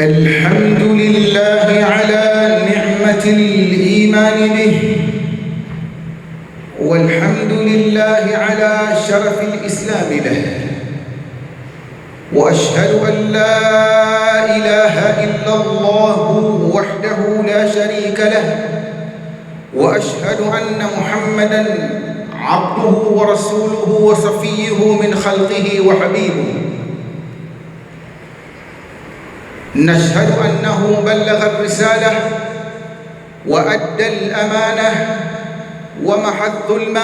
الحمد لله على نعمة الإيمان به والحمد لله على شرف الإسلام له وأشهد أن لا إله إلا الله وحده لا شريك له وأشهد أن محمدًا عبده ورسوله وصفيه من خلقه وحبيبه نشهد أنه بلغ الرسالة وأدى الأمانة ومحى الظلمة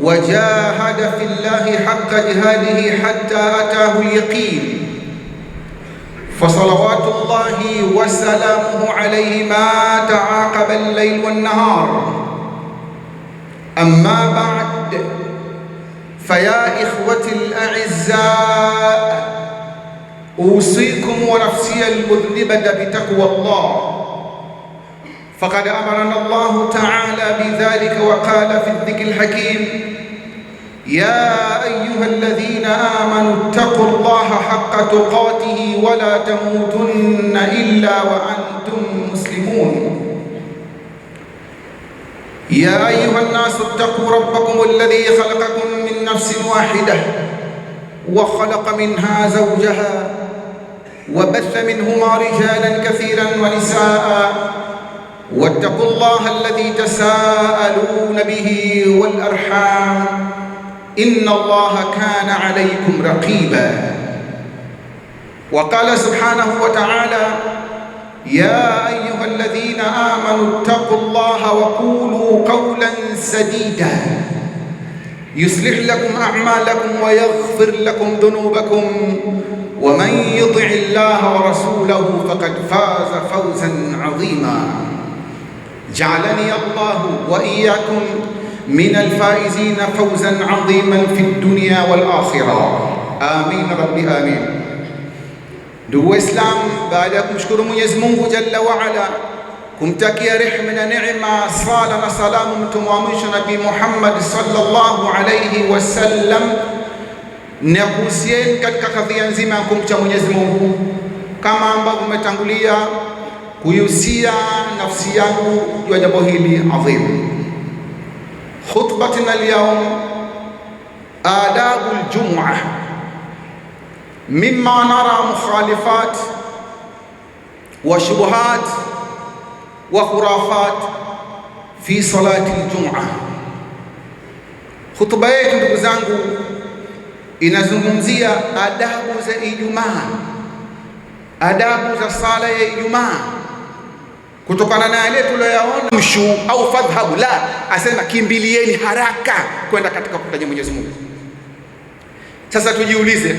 وجاهد في الله حق جهاده حتى أتاه اليقين فصلوات الله وسلامه عليه ما تعاقب الليل والنهار أما بعد فيا إخوتي الأعزاء أوصيكم ونفسي المذنبة بتقوى الله فقد أمرنا الله تعالى بذلك وقال في الذكر الحكيم يا أيها الذين آمنوا اتقوا الله حق تقاته ولا تموتن إلا وأنتم مسلمون يا أيها الناس اتقوا ربكم الذي خلقكم من نفس واحدة وخلق منها زوجها وبث منهما رجالا كثيرا ونساء واتقوا الله الذي تساءلون به والأرحام إن الله كان عليكم رقيبا وقال سبحانه وتعالى يا أيها الذين آمنوا اتقوا الله وقولوا قولا سديدا يصلح لكم أعمالكم ويغفر لكم ذنوبكم ومن يطع الله ورسوله فقد فاز فوزا عظيما جعلني الله وإياكم من الفائزين فوزا عظيما في الدنيا والآخرة آمين رب آمين دو إسلام بعد من يزمون جل وعلا kumtakia rehema na neema, sala na salamu mtume wa mwisho Nabii Muhammad sallallahu alayhi wasallam, na kuhusieni katika kadhia nzima ya kumcha Mwenyezi Mungu, kama ambavyo umetangulia kuihusia nafsi yangu juu ya jambo hili adhimu. Khutbatuna lyaum adabu ljumua mima nara mukhalifat wa shubuhat wa khurafat fi salati ljuma. Khutba yetu ndugu zangu inazungumzia adabu za Ijumaa, adabu za sala ya Ijumaa, kutokana na yale tuliyoyaona mshu au fadhhabu la asema, kimbilieni haraka kwenda katika kumtaja Mwenyezi Mungu. Sasa tujiulize,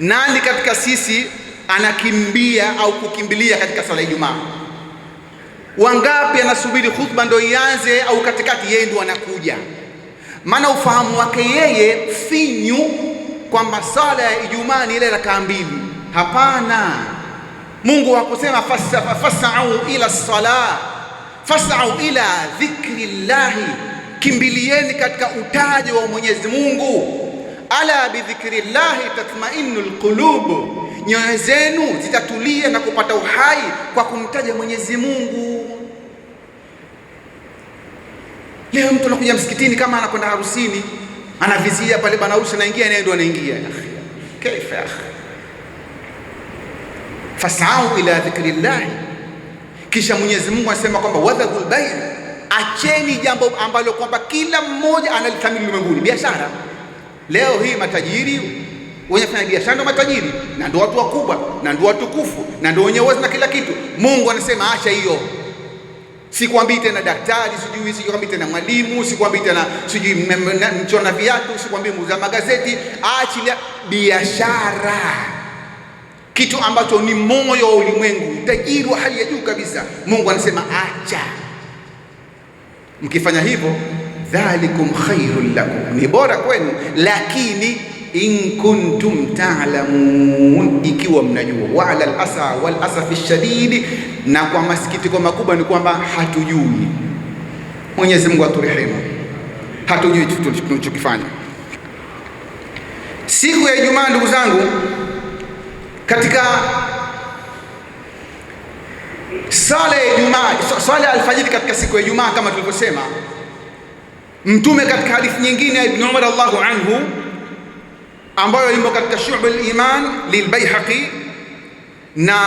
nani katika sisi anakimbia au kukimbilia katika sala ya Ijumaa? Wangapi anasubiri khutba ndo ianze au katikati, yeye ndo anakuja. Maana ufahamu wake yeye finyu kwamba sala ya Ijumaa ni ile rakaa mbili. Hapana, Mungu hakusema fasau ila sala, fasau ila dhikri llahi, kimbilieni katika utajo wa Mwenyezi Mungu. Ala bidhikri llahi tatmainu lqulubu nyoyo zenu zitatulia na kupata uhai kwa kumtaja Mwenyezi Mungu. Leo mtu anakuja msikitini kama anakwenda harusini, anavizia pale bana harusi anaingia, naye ndo anaingia. Kaifa fasau ila dhikrillahi, kisha Mwenyezi Mungu anasema kwamba wadhabul bayn, acheni jambo ambalo kwamba kila mmoja analithamini ulimwenguni, biashara. Leo hii matajiri wenye fanya biashara ndio matajiri na ndio watu wakubwa na ndio watukufu na ndio wenye uwezo na kila kitu. Mungu anasema acha hiyo, sikwambii tena daktari, sijui sikwambii tena mwalimu, sikwambii tena sijui mchona viatu, sikwambii muuza magazeti. Achilia biashara, kitu ambacho ni moyo wa ulimwengu, utajiri wa hali ya juu kabisa. Mungu anasema acha. Mkifanya hivyo, dhalikum khairul lakum, ni bora kwenu, lakini in kuntum ta'lamun, ikiwa mnajua. Wa ala al-asa wal asafi shadidi, na kwa masikitiko makubwa ni kwamba hatujui. Mwenyezi Mungu aturehemu, hatujui tunachokifanya. Siku ya Ijumaa, ndugu zangu, katika sala ya Ijumaa, sala ya alfajiri katika siku ya Ijumaa, kama tulivyosema, Mtume katika hadithi nyingine ya Ibn Umar Allahu anhu ambayo imo katika Shu'bul Iman lilBaihaqi na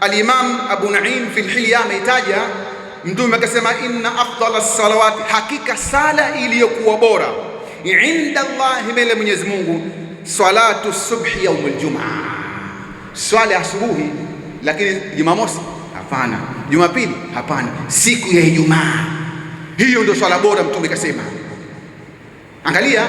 Alimam Abu Naim fi lhilya ameitaja. Mtume akasema inna afdala salawati, hakika sala iliyokuwa bora inda Allahi, mbele Mwenyezi Mungu, salatu subhi yaumul jumaa, swala ya asubuhi. Lakini Jumamosi hapana, Jumapili hapana, siku ya Ijumaa, hiyo ndio swala bora. Mtume kasema, angalia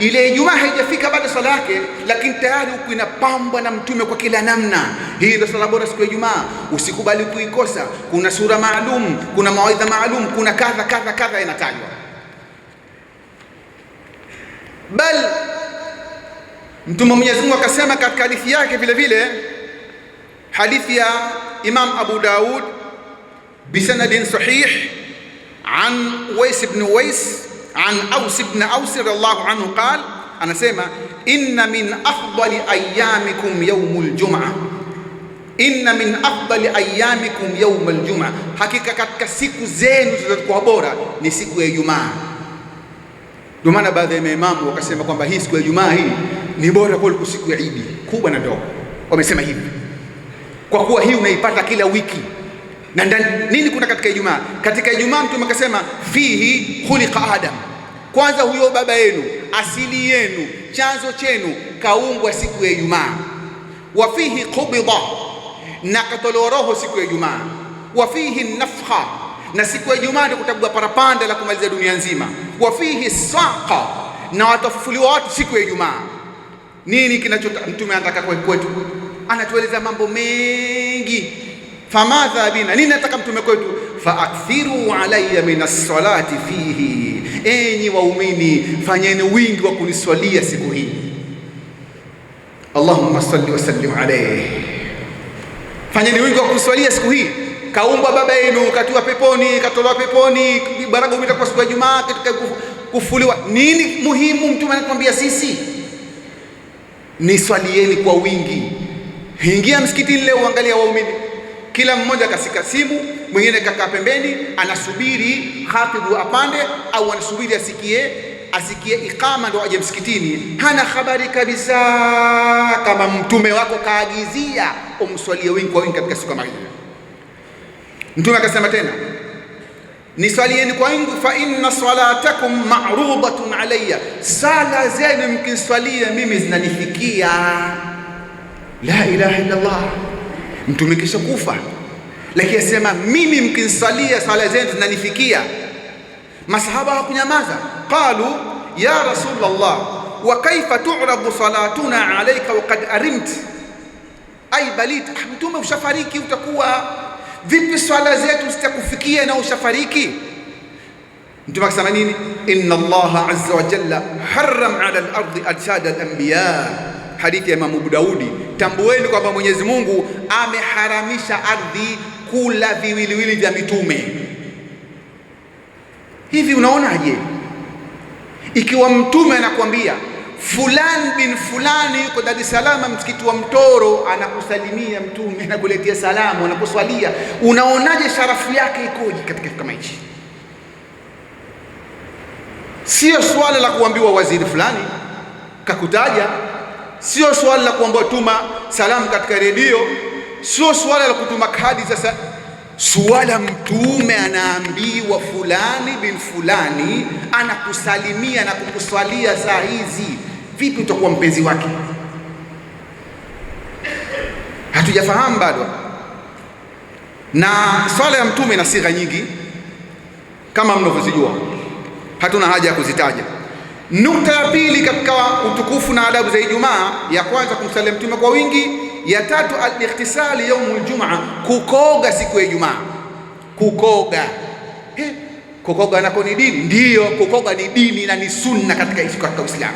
ile Ijumaa haijafika bado sala yake, lakini tayari huku inapambwa na Mtume kwa kila namna. Hii ndio sala bora siku ya Ijumaa, usikubali kuikosa. Kuna sura maalum, kuna mawaidha maalum, kuna kadha kadha kadha inatajwa, bal Mtume Mwenyezi Mungu akasema katika hadithi yake vile vile, hadithi ya Imam Abu Daud bisanadin sahih an Uwais ibn Uwais an Aus ibn Aus radhiallahu anhu qala, anasema inna min afdali ayamikum yawmul jum'a, inna min afdali ayyamikum yawmul jum'a, hakika katika siku zenu zilizokuwa bora ni siku ya Ijumaa. Ndio maana baadhi ya maimamu wakasema kwamba hii siku ya Ijumaa hii ni bora kuliko siku ya Idi kubwa na ndogo, wamesema hivi kwa kuwa hii unaipata kila wiki na ndani nini kuna katika Ijumaa? Katika Ijumaa Mtume akasema fihi khuliqa Adam. Kwanza huyo baba yenu, asili yenu, chanzo chenu kaumbwa siku ya Ijumaa. Wa fihi qubida, na katolewa roho siku ya Ijumaa. Wa fihi nafha na siku ya Ijumaa ndio kutabua parapanda la kumaliza dunia nzima. Wa fihi saqa, na watafufuliwa watu siku ya Ijumaa. Nini kinacho mtume anataka kwetu? Anatueleza mambo mengi famadha bina, nini nataka mtume kwetu, faakthiru alayya min as-salati fihi, enyi waumini fanyeni wingi wa kuniswalia siku hii. Allahumma salli wa sallim alayhi, fanyeni wingi wa kuniswalia siku hii. Kaumbwa baba yenu, katiwa peponi, katolewa peponi, baragumu itakuwa siku ya Jumaa, katika kufuliwa. Nini muhimu? Mtume anatuambia sisi niswalieni kwa wingi. Ingia msikitini leo, uangalia waumini kila mmoja kasika simu, mwingine kakaa pembeni, anasubiri khatibu apande au anasubiri asikie asikie ikama ndo aje msikitini. Hana habari kabisa kama mtume wako kaagizia umswalie wingi kwa wingi katika siku kama hiyo. Mtume akasema tena, niswalieni kwa wingi, fa inna salatakum ma'rudatun alayya, sala zenu mkiswalia mimi zinanifikia. La ilaha illa Allah mtume kisha kufa, lakini asema mimi mkinsalia sala zenu zinanifikia. Masahaba hawakunyamaza, qalu ya Rasulullah wa kaifa turadu salatuna alaika waqad arimt ai balit. Ah, mtume, ushafariki utakuwa vipi? Swala zetu zitakufikia na ushafariki? Mtume akasema nini? inna Allaha azza wa jalla harram ala al-ardi ajsad al-anbiya hadithi ya Imamu Abu Daudi, tambueni kwamba Mwenyezi Mungu ameharamisha ardhi kula viwiliwili vya mitume. Hivi unaonaje ikiwa mtume anakuambia fulani bin fulani yuko Dar es Salaam, msikiti wa Mtoro, anakusalimia mtume, anakuletea salamu, anakuswalia, unaonaje? Sharafu yake ikoje katika kama hichi? Sio swala la kuambiwa waziri fulani kakutaja sio swala la kuambiwa tuma salamu katika redio, sio swala la kutuma kadi. Sasa swala mtume anaambiwa fulani bin fulani anakusalimia na kukuswalia saa hizi, vipi utakuwa mpenzi wake? Hatujafahamu bado. Na swala ya mtume ina sigha nyingi kama mnavyozijua, hatuna haja ya kuzitaja. Nukta ya pili katika utukufu na adabu za Ijumaa, ya kwanza kumsalia mtume kwa wingi, ya tatu al-ikhtisali yaumul jumaa, kukoga siku ya Ijumaa. Kukoga he, eh, kukoga nako ni dini? Ndiyo, kukoga ni dini na ni sunna katika katika Uislamu.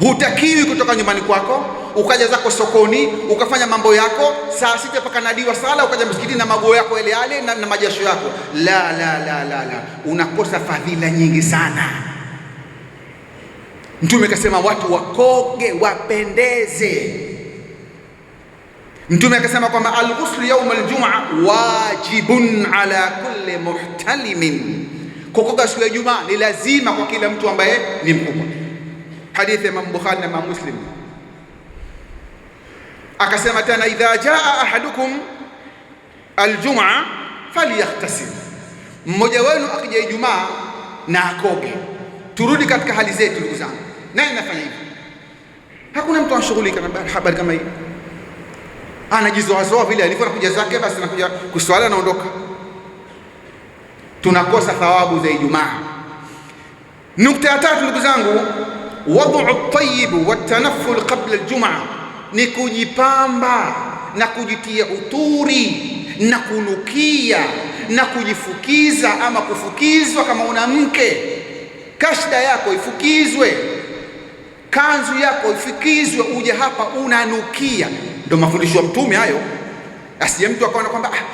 Hutakiwi kutoka nyumbani kwako ukaja zako sokoni ukafanya mambo yako saa sita mpaka nadiwa sala ukaja msikitini na maguo yako yale yale na, na majasho yako. La, la, la, la, la, unakosa fadhila nyingi sana Mtume akasema watu wakoge wapendeze. Mtume akasema kwamba alghuslu yauma aljuma wajibun ala kulli muhtalimin, kukoga siku ya Jumaa ni lazima kwa kila mtu ambaye ni mkubwa. Hadithi ya Imam Bukhari na Imam Muslim. Akasema tena idha jaa ahadukum aljuma falyaghtasil, mmoja wenu akija Ijumaa na akoge. Turudi katika hali zetu ndugu zangu. Nani anafanya hivyo? Hakuna mtu anashughulika na habari kama hii, anajizoazoa vile alivyo, nakuja zake, basi nakuja kuswali, anaondoka. Tunakosa thawabu za Ijumaa. Nukta ya tatu, ndugu zangu, wadu at-tayyib wa tanafful qabla al ni kujipamba na kujitia uturi na kunukia na kujifukiza ama kufukizwa. Kama una mke, kashda yako ifukizwe kanzu yako ifikizwe, uje hapa unanukia. Ndio mafundisho ya Mtume hayo, asiye mtu akaona kwamba ah,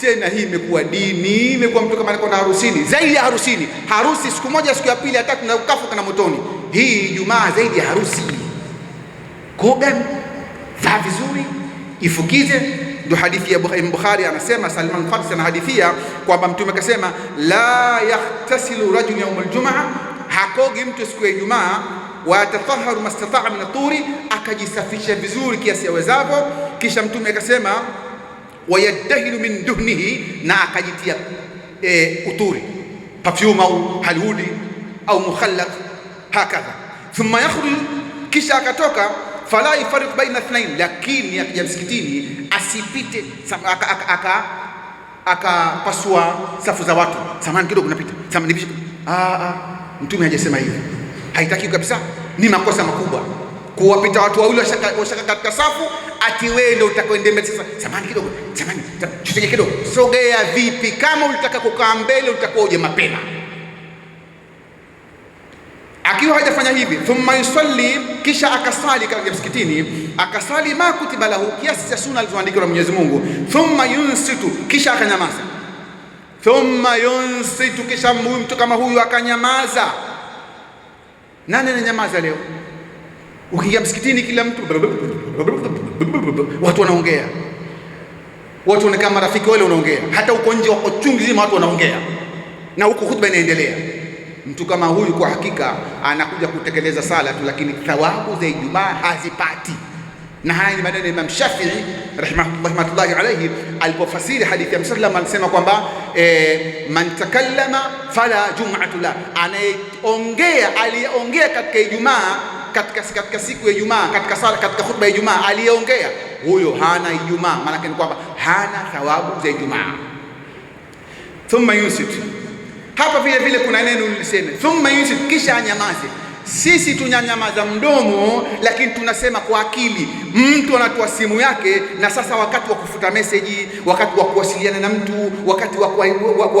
tena hii imekuwa dini, imekuwa mtu kama na harusini, zaidi ya harusini. Harusi siku moja, siku ya pili, hata kuna ukafu kana motoni. Hii Ijumaa zaidi ya harusi. Koga vaa vizuri, ifukize. Ndio hadithi ya Bukhari anasema, Salman Farsi anahadithia kwamba Mtume akasema, la yahtasilu rajul yaumul jumaa, hakogi mtu siku ya Ijumaa wa yatafaharu mastataa min aturi, akajisafisha vizuri kiasi yawezavyo. Kisha mtume akasema wayadahilu min duhnihi, na akajitia e, uturi perfume au haludi au mukhallaq hakadha. Thumma yakhruj, kisha akatoka fala yafariq baina ithnain, lakini akija msikitini asipite aka, aka, safu za watu. Samani kidogo napita, samani Ah, ah, mtume hajasema hivi haitakiwi kabisa, ni makosa makubwa kuwapita watu wawili washaka katika safu, ati wewe ndio utakwenda sasa. Samani kidogo, samani chochege kidogo, sogea vipi? Kama ulitaka kukaa mbele, utakuwa uje mapema. Akiwa hajafanya hivi, thumma yusalli, kisha akasali katika msikitini, akasali ma kutiba lahu, kiasi cha sunna alizoandikiwa na Mwenyezi Mungu. Thumma yunsitu, kisha akanyamaza. Thumma yunsitu, kisha mtu kama huyu akanyamaza nani ananyamaza leo? Ukiingia msikitini, kila mtu watu wanaongea, watu wanakaa marafiki wale wanaongea, hata uko nje wako chungi zima watu wanaongea, na huko hutuba inaendelea. Mtu kama huyu kwa hakika anakuja kutekeleza sala tu, lakini thawabu za Ijumaa hazipati. Na haya ni maneno ya Imam Shafii rahmatullahi alayhi alipofasiri hadithi ya Msalam, alisema kwamba e, man takallama fala jum'atu la, anayeongea aliyeongea katika Ijumaa, katika, katika siku ya Ijumaa, katika sala, katika khutba ya Ijumaa, aliyeongea huyo hana Ijumaa, maanake ni kwamba hana thawabu za Ijumaa. Thumma yunsit, hapa vile vile kuna neno liseme thumma yunsit, kisha anyamaze sisi tunyanyamaza mdomo, lakini tunasema kwa akili. Mtu anatoa simu yake, na sasa wakati wa kufuta meseji, wakati wa kuwasiliana na mtu, wakati wa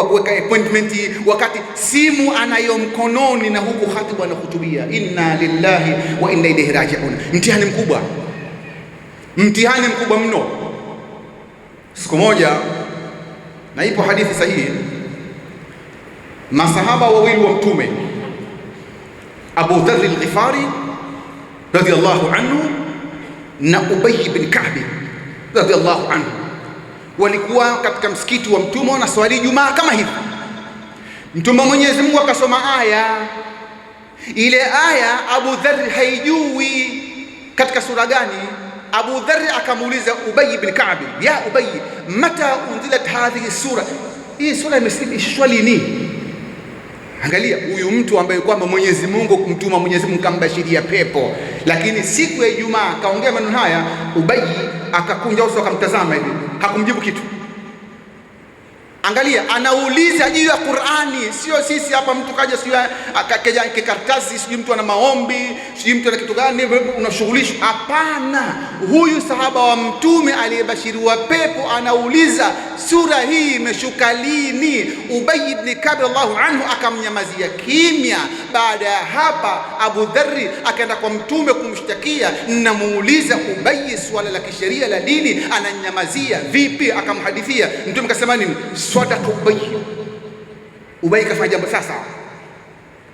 kuweka appointment, wakati simu anayo mkononi, na huku khatibu anahutubia, inna lillahi wa inna ilaihi rajiun. Mtihani mkubwa, mtihani mkubwa mno. Siku moja, na ipo hadithi sahihi, masahaba wawili wa Mtume Abu Dharr al-Ghifari radhiyallahu anhu na Ubay ibn Ka'b radhiyallahu anhu walikuwa katika msikiti wa Mtume wanaswali jumaa kama hivi. Mtume Mwenyezi Mungu akasoma aya ile. Aya Abu Dharr haijui katika sura gani. Abu Dharr akamuuliza Ubay ibn Ka'b, ya Ubay, mata unzilat hadhihi sura, hii sura imeshushwa lini? Angalia huyu mtu ambaye kwamba Mwenyezi Mungu kumtuma Mwenyezi Mungu kambashiria pepo, lakini siku ya Ijumaa akaongea maneno haya. Ubayi akakunja uso akamtazama hivi, hakumjibu kitu. Angalia, anauliza juu ya Qur'ani, sio sisi hapa. Mtu kaja sio akakeja kikartasi, sijui mtu ana maombi, sijui mtu ana kitu gani, unashughulishwa. Hapana, huyu sahaba wa Mtume aliyebashiriwa pepo anauliza sura hii imeshuka lini? Ubay ibn Kabir Allahu anhu akamnyamazia kimya. Baada ya hapa, Abu Dharri akaenda kwa Mtume kumshtakia, namuuliza Ubay, swala la kisheria la dini ananyamazia vipi? Akamhadithia Mtume kasema nini? Swadaka Ubay. Ubay kafanya jambo sasa,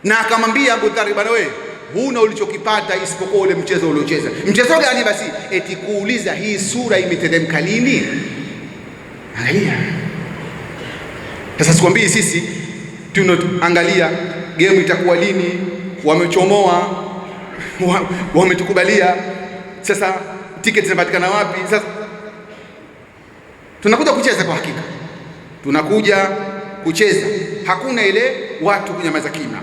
na akamwambia Abu Dharri, bwana wewe huna ulichokipata isipokuwa ule mchezo uliocheza. Mchezo gani basi? Eti kuuliza hii sura imeteremka lini? Angalia sasa, sikwambii sisi tunaangalia game itakuwa lini, wamechomoa wametukubalia, sasa tiketi zinapatikana wapi? Sasa tunakuja kucheza kwa hakika, tunakuja kucheza, hakuna ile watu kunyamaza kina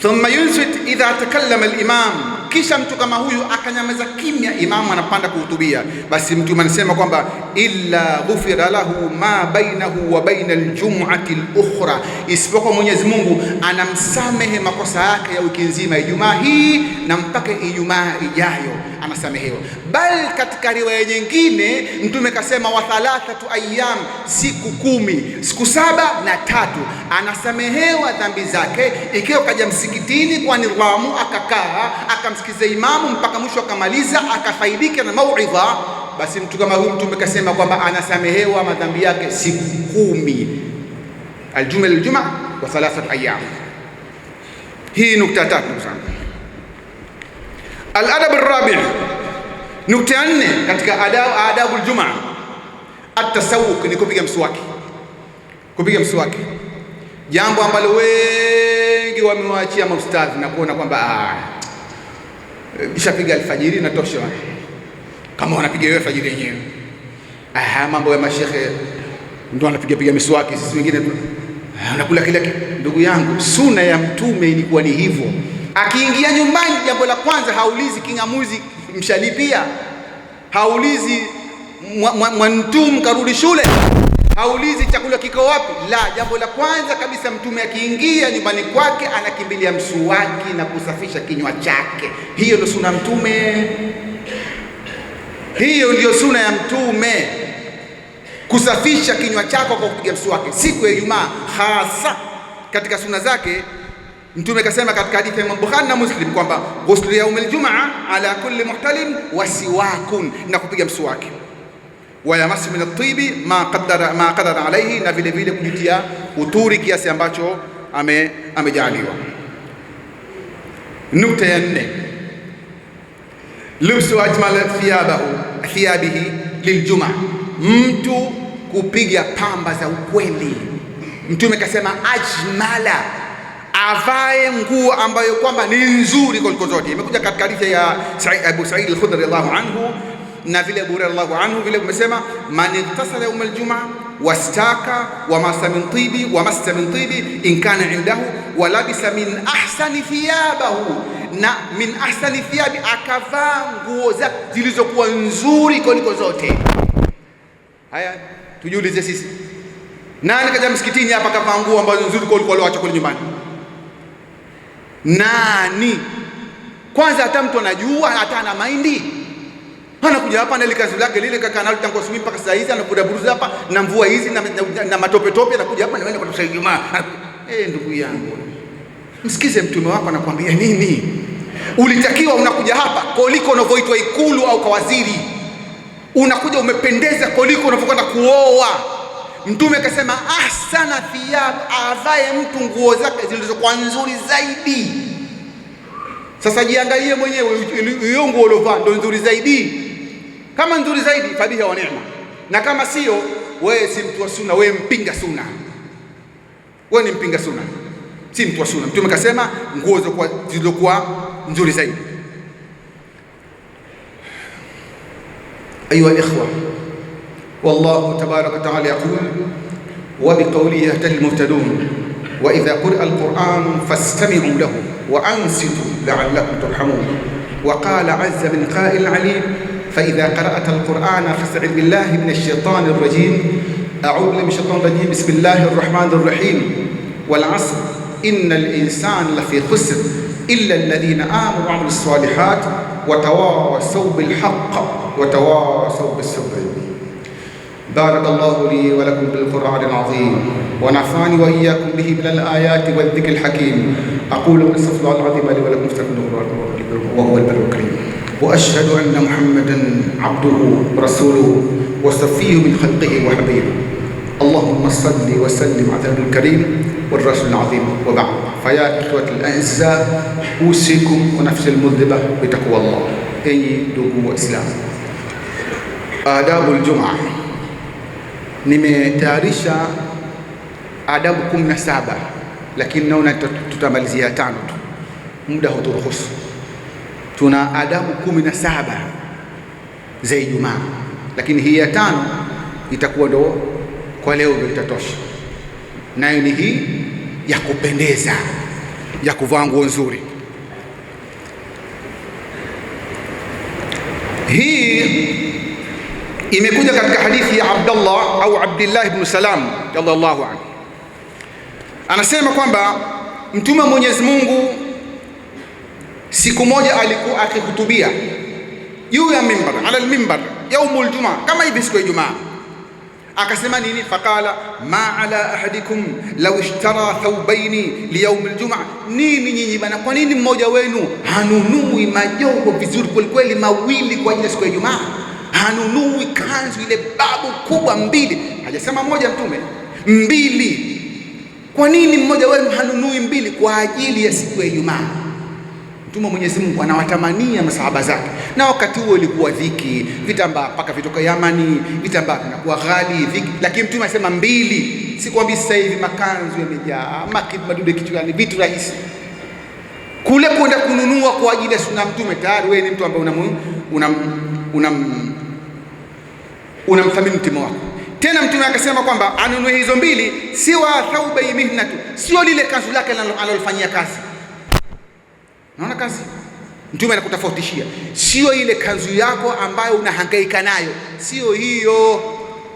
thumma yunsit idha takallama al-imam, kisha mtu kama huyu akanyamaza kimya, imamu anapanda kuhutubia, basi mtu anasema kwamba illa ghufira lahu ma bainahu wa baina al-jum'ati al-ukhra, isipokuwa Mwenyezi Mungu anamsamehe makosa yake ya wiki nzima, Ijumaa hii na mpaka Ijumaa ijayo anasamehewa. bal katika riwaya nyingine Mtume kasema wa thalathatu ayyam, siku kumi, siku saba na tatu anasamehewa dhambi zake. Ikiwa kaja msikitini kwa nidhamu, akakaa akamsikiza imamu mpaka mwisho akamaliza, akafaidika na mauidha, basi mtu kama huyu Mtume kasema kwamba anasamehewa madhambi yake siku kumi, aljuma liljuma wa thalathatu ayyam. Hii nukta tatu, sana. Aladab rabi, nukta ya nne katika adabu ljumaa, atasawuk ni kupiga mswaki. Kupiga mswaki, jambo ambalo wengi wamewaachia maustadhi na kuona kwamba ah, ishapiga alfajiri natosha, kama wanapiga wewe alfajiri yenyewe. Aha, mambo ya mashekhe anapiga anapigapiga miswaki, sisi wengine unakula ah, kitu. Ndugu yangu, suna ya Mtume ilikuwa ni hivyo. Akiingia nyumbani, jambo la kwanza haulizi king'amuzi mshalipia, haulizi mwantumu karudi shule, haulizi chakula kiko wapi. La, jambo la kwanza kabisa mtume akiingia nyumbani kwake anakimbilia msuwaki na kusafisha kinywa chake. Hiyo ndio suna mtume, hiyo ndiyo suna ya mtume, kusafisha kinywa chako kwa kupiga msuwaki siku ya Ijumaa, hasa katika suna zake Mtume kasema katika hadithi ya Bukhari na Muslim kwamba ghuslu yaum jumaa ala kulli muhtalin wasiwakun, na kupiga mswaki wayamasu min atibi ma qaddara ma qaddara alayhi, na vile vile kujitia uturi kiasi ambacho ame amejaliwa. Nukta ya nne, lubsu ajmal thiyabahu thiyabihi liljumaa, mtu kupiga pamba za ukweli. Mtume kasema ajmala avae nguo ambayo kwamba ni nzuri kuliko zote. Imekuja katika hadithi ya Abu Sa'id al-Khudri radhiallahu anhu na vile Abu Hurairah radhiallahu anhu vile kumesema, man iktasala yawm al-jum'a wastaka wa masa min tibi wa masa min tibi in kana indahu wa labisa min ahsani thiyabahu, na min ahsani thiyabi, akavaa nguo zake zilizokuwa nzuri kuliko zote. Haya, tujiulize sisi, nani kaja msikitini hapa akavaa nguo ambazo nzuri kuliko alioacha kule nyumbani? nani? Kwanza hata mtu anajua hata ana maindi, anakuja hapa na ile kazi lake lile kaka nalo tangu asubuhi mpaka saa hizi buruzi hapa na mvua hizi na, na, na matope tope, anakuja hapa naenda kwa Ijumaa. Eh, ndugu yangu, msikize mtume wako anakuambia nini? Ulitakiwa unakuja hapa koliko unavyoitwa Ikulu au kwa waziri, unakuja umependeza koliko unavyokwenda kuoa Mtume akasema ahsana thiyab, avae mtu nguo zake zilizokuwa nzuri zaidi. Sasa jiangalie mwenyewe, hiyo nguo uliovaa ndo nzuri zaidi? Kama nzuri zaidi, fabiha wa neema, na kama sio, wewe si mtu wa sunna, wewe mpinga sunna, wewe ni mpinga sunna, si mtu wa sunna. Mtume akasema nguo zilizokuwa nzuri zaidi. Ayuha ikhwa والله تبارك وتعالى يقول وبقوله يهتدي المهتدون وإذا قرئ القرآن فاستمعوا له وأنصتوا لعلكم ترحمون وقال عز من قائل عليم فإذا قرأت القرآن فاستعذ بالله من الشيطان الرجيم أعوذ بالله من الشيطان الرجيم بسم الله الرحمن الرحيم والعصر إن الإنسان لفي خسر إلا الذين آمنوا وعملوا الصالحات وتواصوا بالحق وتواصوا بالصبر بارك الله لي ولكم بالقرآن العظيم ونفعني وإياكم به من الآيات والذكر الحكيم أقول أستغفر الله العظيم لي ولكم استغفروه وهو البر الكريم وأشهد أن محمدا عبده ورسوله وصفيه من خلقه وحبيبه اللهم صل وسلم على النبي الكريم والرسول العظيم وبعد فيا إخوة الأعزاء أوصيكم ونفس المذنبة بتقوى الله أي دوق إسلام آداب الجمعة nimetayarisha adabu kumi na saba lakini naona tutamalizia tano tu, muda huturuhusu. Tuna adabu kumi na saba za Ijumaa, lakini hii ya tano itakuwa ndo kwa leo, ndo itatosha. Nayo ni hii ya kupendeza, ya kuvaa nguo nzuri. Hii Imekuja katika hadithi ya Abdallah au Abdillah ibn Salam radhiallahu anhu, anasema kwamba mtume wa Mwenyezi Mungu siku moja alikuwa akihutubia juu ya mimbar ala almimbar yaumul jumaa, kama hivi siku ya Ijumaa, akasema nini? Faqala ma ala ahadikum law ishtara thawbaini liyaum ljuma Nini nyinyi bana, kwa nini mmoja wenu hanunui majoho vizuri kwelikweli mawili kwa ajili ya siku ya Ijumaa? hanunui kanzu ile babu kubwa mbili, hajasema moja Mtume, mbili. Kwa nini mmoja wenu hanunui mbili kwa ajili ya siku ya Ijumaa? Mtume Mwenyezi Mungu anawatamania masahaba zake, na wakati huo ilikuwa dhiki, vitambaa mpaka vitoka Yamani, vitambaa vinakuwa ghali, dhiki. Lakini Mtume anasema mbili. Sikwambii sasa hivi makanzu yamejaa, madude kichwani, vitu rahisi. Kule kwenda kununua kwa ajili ya sunna Mtume, tayari wewe ni mtu ambaye unam, unam, unam unamthamini mtima wako. Tena Mtume akasema kwamba anunue hizo mbili, siwa thaubai mihnatu, sio lile kanzu lake analofanyia kazi. Naona kazi Mtume anakutafautishia, sio ile kanzu yako ambayo unahangaika nayo, sio hiyo.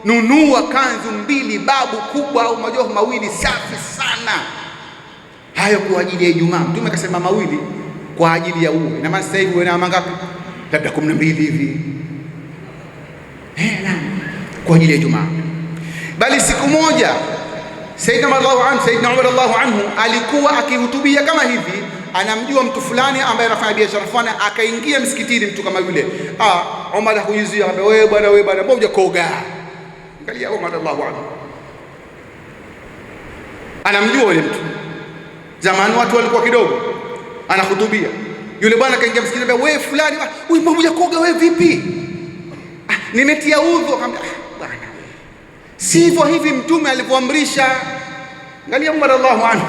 Nunua kanzu mbili babu kubwa au majoho mawili safi sana, hayo kwa ajili ya Ijumaa. Mtume akasema mawili kwa ajili ya uwe na maana. Sasa hivi wewe na mangapi? Labda 12 hivi kwa ajili ya Jumaa. Bali siku moja Sayyidina Umar radhiallahu anhu alikuwa akihutubia kama hivi, anamjua mtu fulani ambaye anafanya biashara fulani, akaingia msikitini mtu kama yule. Ah, Umar hakujizuia, akaambia wewe bwana, wewe bwana, mbona koga? Angalia Umar radhiallahu anhu anamjua yule mtu, zamani watu walikuwa kidogo. Anahutubia yule bwana, akaingia msikitini, wewe fulani, wewe mbona koga, wewe vipi? nimetia udhu. Akamwambia ah, bwana, sivyo hivi mtume alivyoamrisha. Angalia Umar radhiallahu anhu,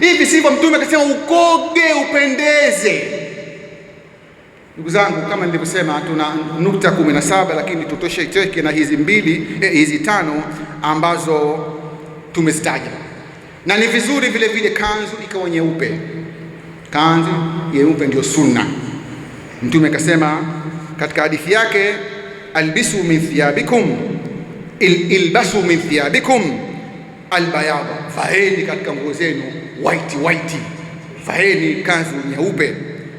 hivi sivyo mtume akasema ukoge upendeze. Ndugu zangu, kama nilivyosema, tuna nukta 17 lakini tutoshe teke na hizi mbili eh, hizi tano ambazo tumezitaja, na ni vizuri vile vile kanzu ikawa nyeupe. Kanzu nyeupe ndio sunna. Mtume akasema katika hadithi yake albisu min thiyabikum, ilbasu min thiyabikum albayada, faheni katika nguo zenu white white, faheni kanzu nyeupe.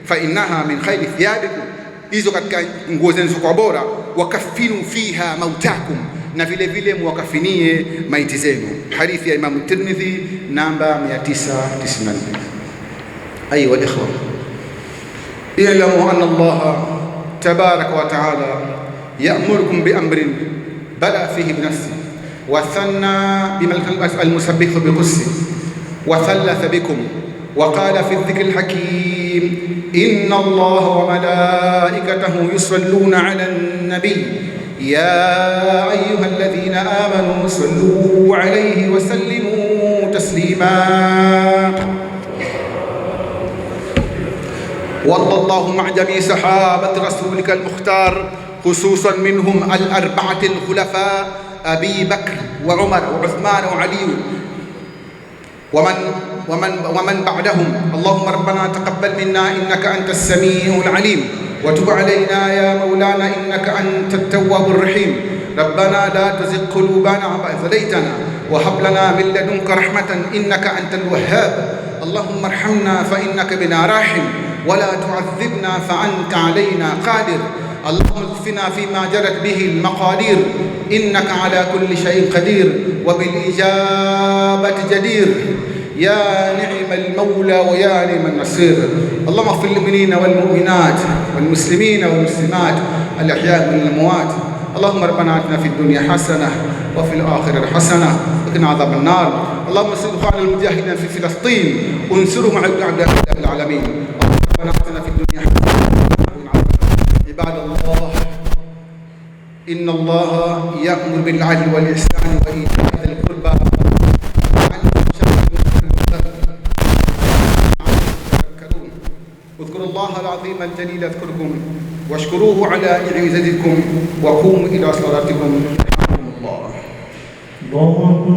Fa innaha min khairi thiyabikum, hizo katika nguo zenu ziko bora. Wakafinu fiha mautakum, na vile vile muwakafinie maiti zenu. Hadithi ya Imam Tirmidhi namba 994. Ayuha alikhwa, ilamu anna Allah tabaraka wa taala يأمركم بأمر بلى فيه بنفسه وثنى بملك المسبح بقصه وثلث بكم وقال في الذكر الحكيم إن الله وملائكته يصلون على النبي يا أيها الذين آمنوا صلوا عليه وسلموا تسليما والله مع جميع صحابة رسولك المختار خصوصا منهم الأربعة الخلفاء أبي بكر وعمر وعثمان وعلي ومن ومن ومن بعدهم اللهم ربنا تقبل منا إنك أنت السميع العليم وتب علينا يا مولانا إنك أنت التواب الرحيم ربنا لا تزغ قلوبنا بعد هديتنا وهب لنا من لدنك رحمة إنك أنت الوهاب اللهم ارحمنا فإنك بنا راحم ولا تعذبنا فأنت علينا قادر اللهم اكفنا فيما جرت به المقادير إنك على كل شيء قدير وبالإجابة جدير يا نعم المولى ويا نعم النصير اللهم اغفر للمؤمنين والمؤمنات والمسلمين والمسلمات الأحياء من الأموات اللهم ربنا آتنا في الدنيا حسنة وفي الآخرة حسنة وقنا عذاب النار اللهم انصر إخواننا المجاهدين في فلسطين وانصرهم على أعداء العالمين ربنا آتنا في الدنيا عباد الله إن الله يأمر بالعدل والإحسان وإيتاء ذي القربى اذكروا الله العظيم الجليل أذكركم واشكروه على عزتكم وقوموا إلى صلاتكم رحمكم الله